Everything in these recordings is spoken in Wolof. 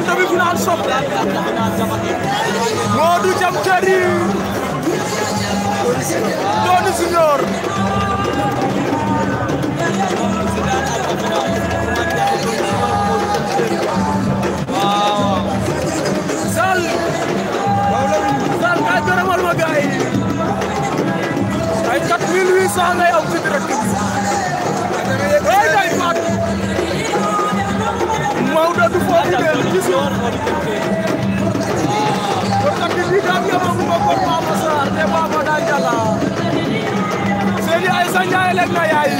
en demi-finale sob Modou Jam Kari Doni Junior Sal Sal ka jaramal ma gaay ay 4800 ngay am ci direct Maodo du foofu dellu ci suuf kon nag di daan yamagu ma kon Mama Sarr ne Mama daa jàlla Seydi Aïssa Ndiaye leen na yaay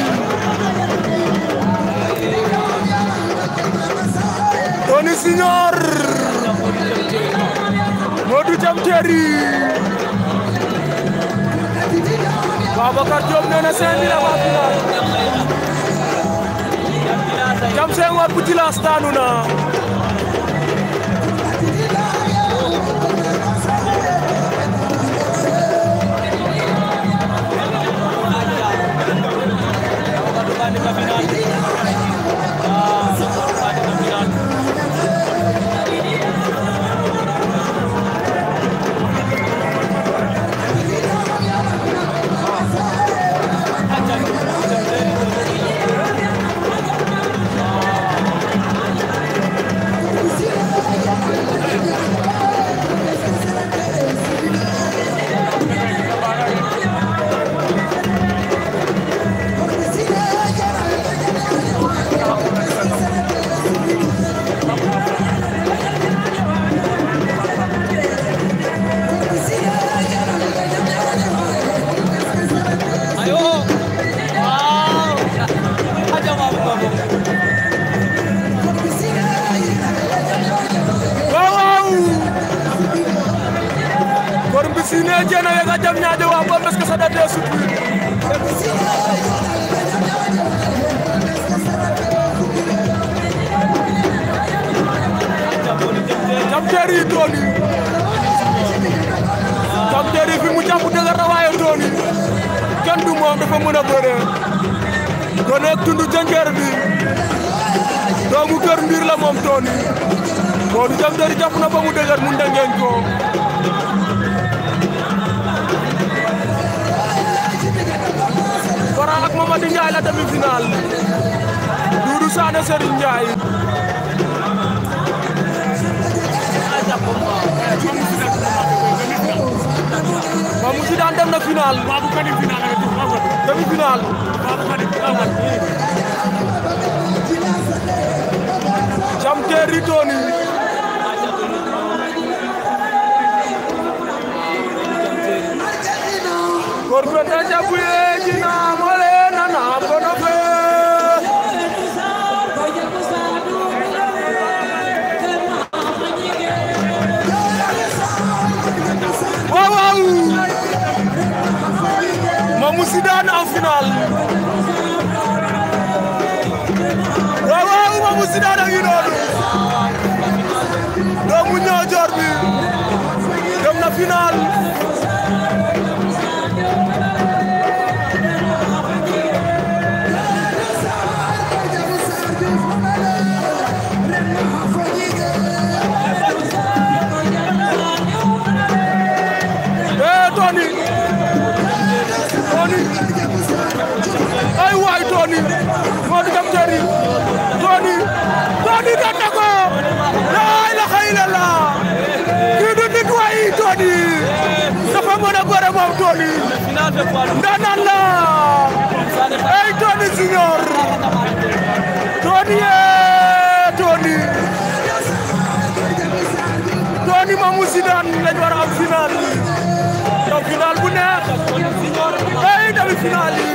Tony Signor Modou Thiam Senghor bu Djilass daanu na Mbissine Diene ga Diamniadio wa Ngor est-ce que ça date de souffrir jamteer yi doon fi mu jàpp na waaye doon yi kenn du moom dafa mën tundu jëngeer bi doomu kër mbir la moom doon yi moo du jamteer mu dëgër mu ndengeeñ ko ana Serigne Ndiaye ba mu si daan dem na final demi final jam teeri tooni Korpeta jabuye jina major bi dem na final Tony. Ay, why, Tony? ndaanaan la ay Tony Junior Tony yee eh, Tony Tony moomu Zidane lañ war a am final taw final bu neex ay demi final yi